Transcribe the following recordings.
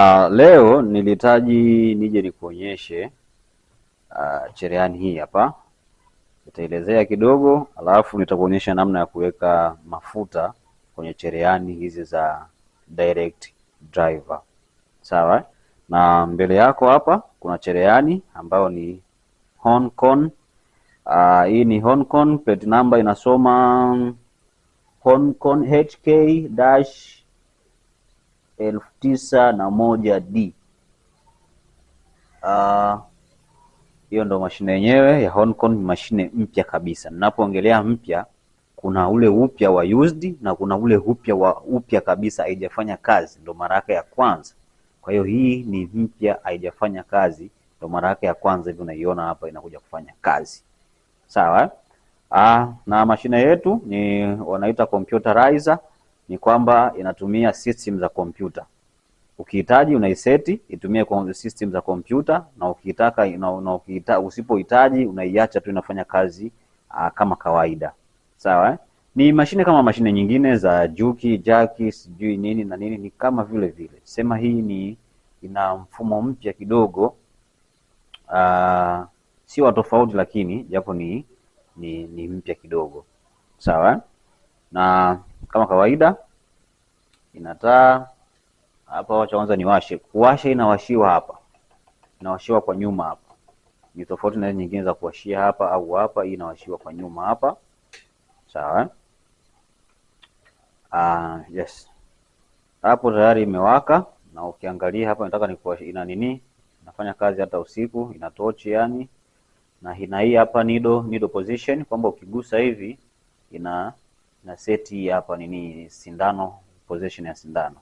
Uh, leo nilihitaji nije nikuonyeshe uh, cherehani hii hapa. Nitaelezea kidogo alafu nitakuonyesha namna ya kuweka mafuta kwenye cherehani hizi za direct driver. Sawa? Na mbele yako hapa kuna cherehani ambayo ni Horncon. Uh, ah, hii ni Horncon, plate number inasoma Horncon HK- elfu tisa na moja D. Ah, hiyo uh, ndo mashine yenyewe ya Kong, mashine mpya kabisa. Ninapoongelea mpya, kuna ule upya wa used na kuna ule upya wa upya kabisa, haijafanya kazi, ndo mara yake ya kwanza. Kwa hiyo hii ni mpya, haijafanya kazi, ndo mara yake ya kwanza. Hivi unaiona hapa inakuja kufanya kazi, sawa. Ah, na mashine yetu ni wanaita computerizer ni kwamba inatumia system za kompyuta. Ukihitaji unaiseti itumie kwa system za kompyuta, na ukitaka na, na ukita, usipohitaji unaiacha tu inafanya kazi uh, kama kawaida. Sawa eh? Ni mashine kama mashine nyingine za Juki, Jaki, sijui nini na nini, ni kama vile vile. Sema hii ni ina mfumo mpya kidogo, ah, si wa tofauti, lakini japo ni ni, ni mpya kidogo. Sawa eh? na kama kawaida inataa hapa. Wacha kwanza niwashe. Kuwasha inawashiwa hapa, inawashiwa kwa nyuma hapa, ni tofauti na nyingine za kuwashia hapa au hapa. Hii inawashiwa kwa nyuma hapa, sawa. Ah, yes, hapo tayari imewaka, na ukiangalia hapa nataka nikuwashe, ina nini, nafanya kazi hata usiku, ina inatochi yani, na hii hapa nido nido position, kwamba ukigusa hivi ina na seti hapa nini sindano, position ya sindano.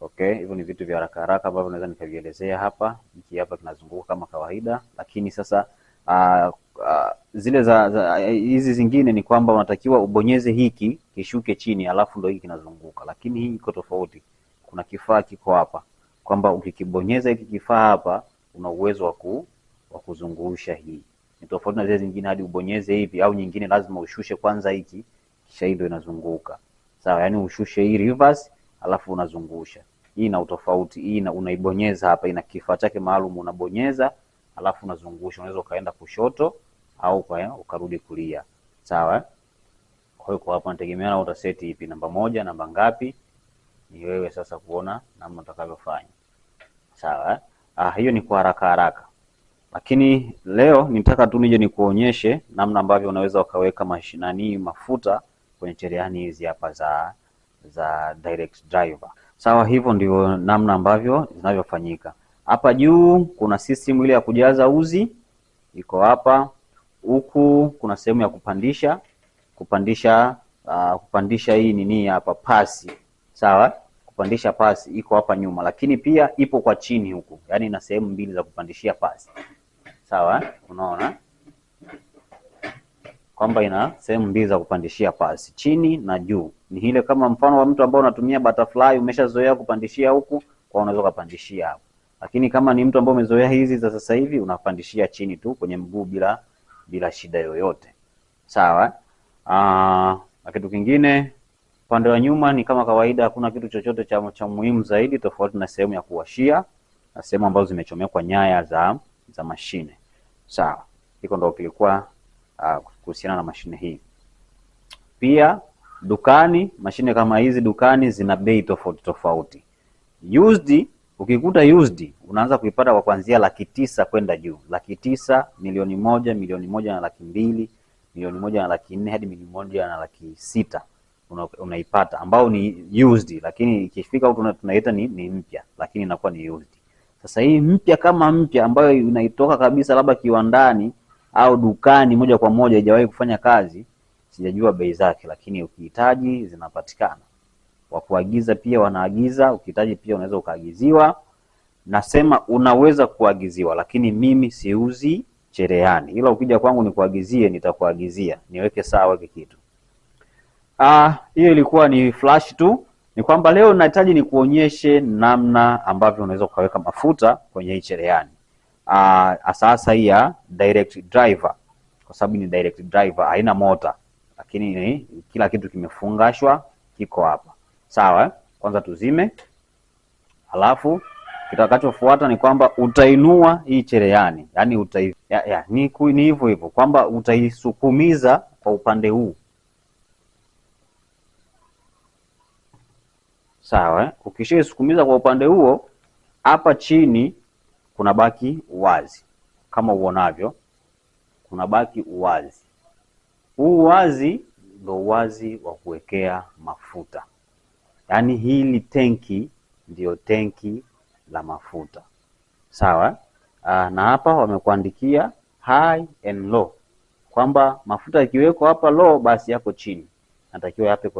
Okay, hivyo ni vitu vya haraka haraka ambavyo naweza nikavielezea hapa. Hiki hapa kinazunguka kama kawaida, lakini sasa uh, uh, zile za, za hizi zingine ni kwamba unatakiwa ubonyeze hiki kishuke chini, alafu ndio hiki kinazunguka, lakini hii iko tofauti. Kuna kifaa kiko hapa kwamba ukikibonyeza hiki kifaa hapa una uwezo wa ku, wa kuzungusha hii. Ni tofauti na zile zingine, hadi ubonyeze hivi au nyingine lazima ushushe kwanza hiki kuhakikisha hii ndio inazunguka sawa. Yani ushushe hii reverse, alafu unazungusha hii, na utofauti hii na unaibonyeza hapa, ina kifaa chake maalum, unabonyeza alafu unazungusha. Unaweza ukaenda kushoto au kwa ukarudi kulia, sawa. Eh? Kwa hiyo kwa hapo nategemea na utaseti ipi, namba moja, namba ngapi, ni wewe sasa kuona namna utakavyofanya, sawa. Eh? Ah, hiyo ni kwa haraka haraka, lakini leo nitaka tu nije nikuonyeshe namna ambavyo unaweza ukaweka mashinani mafuta kwenye cherehani hizi hapa za za direct driver. Sawa, hivyo ndio namna ambavyo zinavyofanyika. Hapa juu kuna system ile ya kujaza uzi iko hapa, huku kuna sehemu ya kupandisha kupandisha uh, kupandisha hii nini hapa pasi, sawa, kupandisha pasi iko hapa nyuma, lakini pia ipo kwa chini huku, yaani ina sehemu mbili za kupandishia pasi, sawa, unaona kwamba ina sehemu mbili za kupandishia pasi, chini na juu. Ni ile kama mfano wa mtu ambaye unatumia butterfly, umeshazoea kupandishia huku, kwa unaweza kupandishia hapo. Lakini kama ni mtu ambaye umezoea hizi za sasa hivi, unapandishia chini tu kwenye mguu bila bila shida yoyote. Sawa? Ah, na kitu kingine upande wa nyuma ni kama kawaida, hakuna kitu chochote cha, cha muhimu zaidi tofauti na sehemu ya kuwashia na sehemu ambazo zimechomekwa nyaya za za mashine. Sawa? Hiko ndio kilikuwa Ah, kuhusiana na mashine hii. Pia dukani, mashine kama hizi dukani zina bei tofauti tofauti. Used ukikuta used unaanza kuipata kwa kuanzia laki tisa kwenda juu, laki tisa, milioni moja, milioni moja na laki mbili, milioni moja na laki nne hadi milioni moja na laki sita unaipata ambao ni used, lakini ikifika huko tunaita ni, ni mpya lakini inakuwa ni used. Sasa hii mpya kama mpya ambayo inaitoka kabisa labda kiwandani au dukani moja kwa moja, haijawahi kufanya kazi, sijajua bei zake, lakini ukihitaji zinapatikana. Wa kuagiza pia wanaagiza, ukihitaji pia unaweza ukaagiziwa. Nasema unaweza kuagiziwa, lakini mimi siuzi cherehani, ila ukija kwangu nikuagizie, nitakuagizia niweke sawa, weke kitu. Ah, hiyo ilikuwa ni flash tu. Ni kwamba leo nahitaji nikuonyeshe namna ambavyo unaweza ukaweka mafuta kwenye hii cherehani uh, ah, asasa ah, hii ya direct driver, kwa sababu ni direct driver haina mota, lakini ni, kila kitu kimefungashwa kiko hapa sawa. Eh? Kwanza tuzime, alafu kitakachofuata ni kwamba utainua hii cherehani yani utai, ya, ya, ni hivyo hivyo kwamba utaisukumiza kwa upande huu sawa. Eh? Ukishaisukumiza kwa upande huo hapa chini kuna baki uwazi kama uonavyo, kuna baki uwazi. Huu uwazi ndio uwazi wa kuwekea mafuta, yaani hili tenki ndiyo tenki la mafuta, sawa. Aa, ah, na hapa wamekuandikia high and low kwamba mafuta yakiwekwa hapa low, basi yako chini, yanatakiwa yape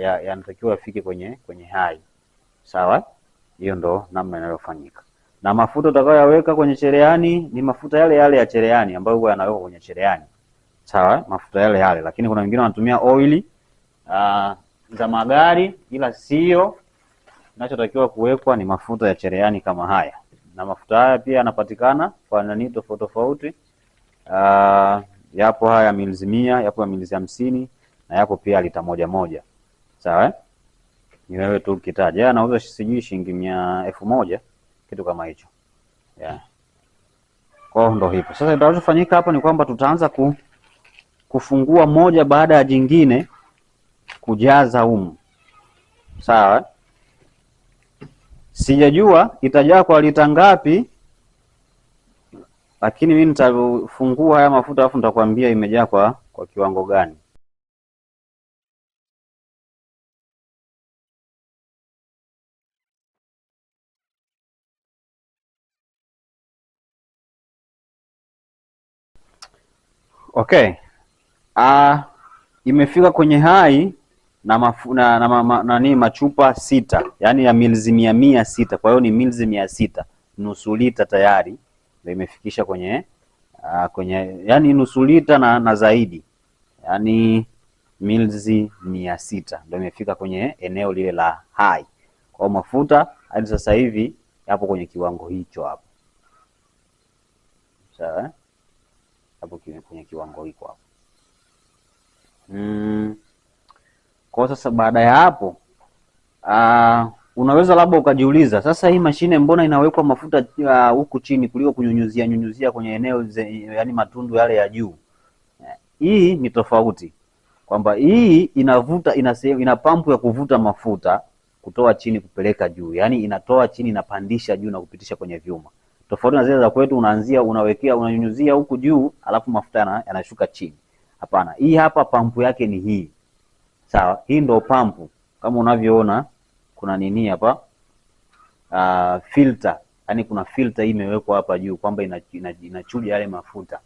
yanatakiwa yafike kwenye kwenye high, sawa. Hiyo ndo namna inayofanyika na mafuta utakayoyaweka kwenye cherehani ni mafuta yale yale ya cherehani ambayo huwa yanawekwa kwenye cherehani. Sawa, mafuta yale yale, lakini kuna wengine wanatumia oili uh, za magari, ila sio. Kinachotakiwa kuwekwa ni mafuta ya cherehani kama haya, na mafuta haya pia yanapatikana kwa nani tofauti tofauti. Uh, yapo haya ya milizi mia, yapo ya milizi hamsini na yapo pia lita moja moja. Sawa, eh? ni wewe tu ukitaja. Yeye yaani, anauza sijui shilingi mia elfu moja kitu kama hicho yeah. Kwao ndo hivyo. Sasa itakachofanyika hapa ni kwamba tutaanza ku, kufungua moja baada ya jingine kujaza umu, sawa. Sijajua itajaa kwa lita ngapi, lakini mimi nitafungua haya mafuta alafu nitakwambia imejaa kwa kwa kiwango gani. Okay. Ah, imefika kwenye hai na mafu, na, na, na, na, na, na, machupa sita yaani ya milzi mia mia sita kwa hiyo ni milzi mia sita nusu lita tayari ndio imefikisha kwenye uh, kwenye yani nusu lita na, na zaidi yaani milzi mia sita ndio imefika kwenye eneo lile la hai. Kwa mafuta hadi sasa hivi yapo kwenye kiwango hicho hapo, sawa. Eh? hapo kwenye kiwango hiko hapo. Mm. Kwa sasa baada ya hapo uh, unaweza labda ukajiuliza sasa, hii mashine mbona inawekwa mafuta ah, huku uh, chini kuliko kunyunyuzia nyunyuzia kwenye eneo yani matundu yale ya juu. Eh, hii ni tofauti kwamba hii inavuta ina, ina pampu ya kuvuta mafuta kutoa chini kupeleka juu, yaani inatoa chini inapandisha juu na kupitisha kwenye vyuma. Tofauti na zile za kwetu unaanzia unawekea unanyunyuzia huku juu alafu mafuta yanashuka chini. Hapana, hii hapa pampu yake ni hii. Sawa, hii ndo pampu kama unavyoona kuna nini hapa? Uh, filter. yani, kuna filter hii imewekwa hapa juu kwamba inachuja ina, ina yale mafuta.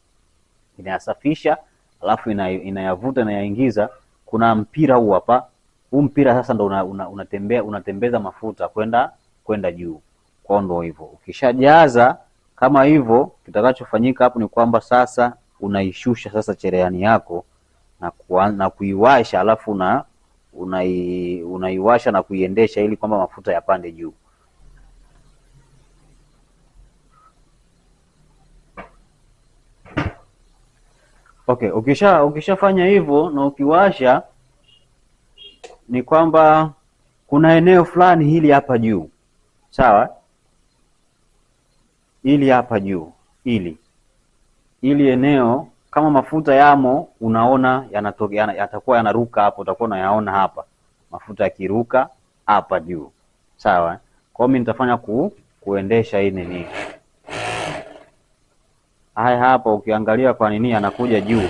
Inayasafisha alafu inayavuta ina inayaingiza. Kuna mpira huu hapa. Huu mpira sasa ndo unatembea una, una unatembeza mafuta kwenda kwenda juu kwao ndo hivyo, ukishajaza kama hivyo, kitakachofanyika hapo ni kwamba sasa unaishusha sasa cherehani yako na, kuwa, na kuiwasha alafu una, unai, unaiwasha na kuiendesha ili kwamba mafuta yapande juu. Okay, ukisha ukishafanya hivyo na ukiwasha ni kwamba kuna eneo fulani hili hapa juu, sawa ili hapa juu, ili ili eneo kama mafuta yamo, unaona yanatoka, yatakuwa yanaruka hapo, utakuwa unayaona hapa mafuta yakiruka hapa juu, sawa. Eh? Kwa mimi nitafanya ku, kuendesha hii nini, haya hapa, ukiangalia kwa nini yanakuja juu,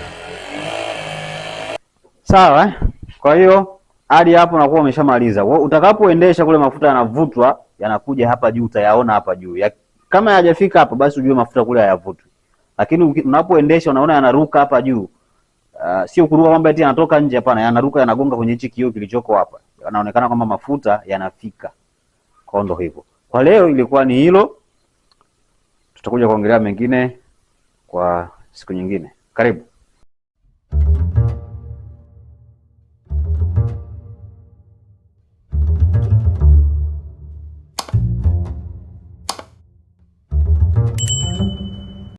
sawa. Eh? Kwa hiyo hadi hapo unakuwa umeshamaliza. Utakapoendesha kule, mafuta yanavutwa, yanakuja hapa juu, utayaona hapa juu kama hajafika hapa basi ujue mafuta kule hayavutwi, lakini unapoendesha unaona yanaruka hapa juu. Uh, sio kuruka kwamba eti yanatoka nje, hapana, yanaruka yanagonga kwenye hichi kioo kilichoko hapa, yanaonekana kwamba mafuta yanafika. Kwa ndo hivyo, kwa leo ilikuwa ni hilo, tutakuja kuongelea mengine kwa siku nyingine. Karibu.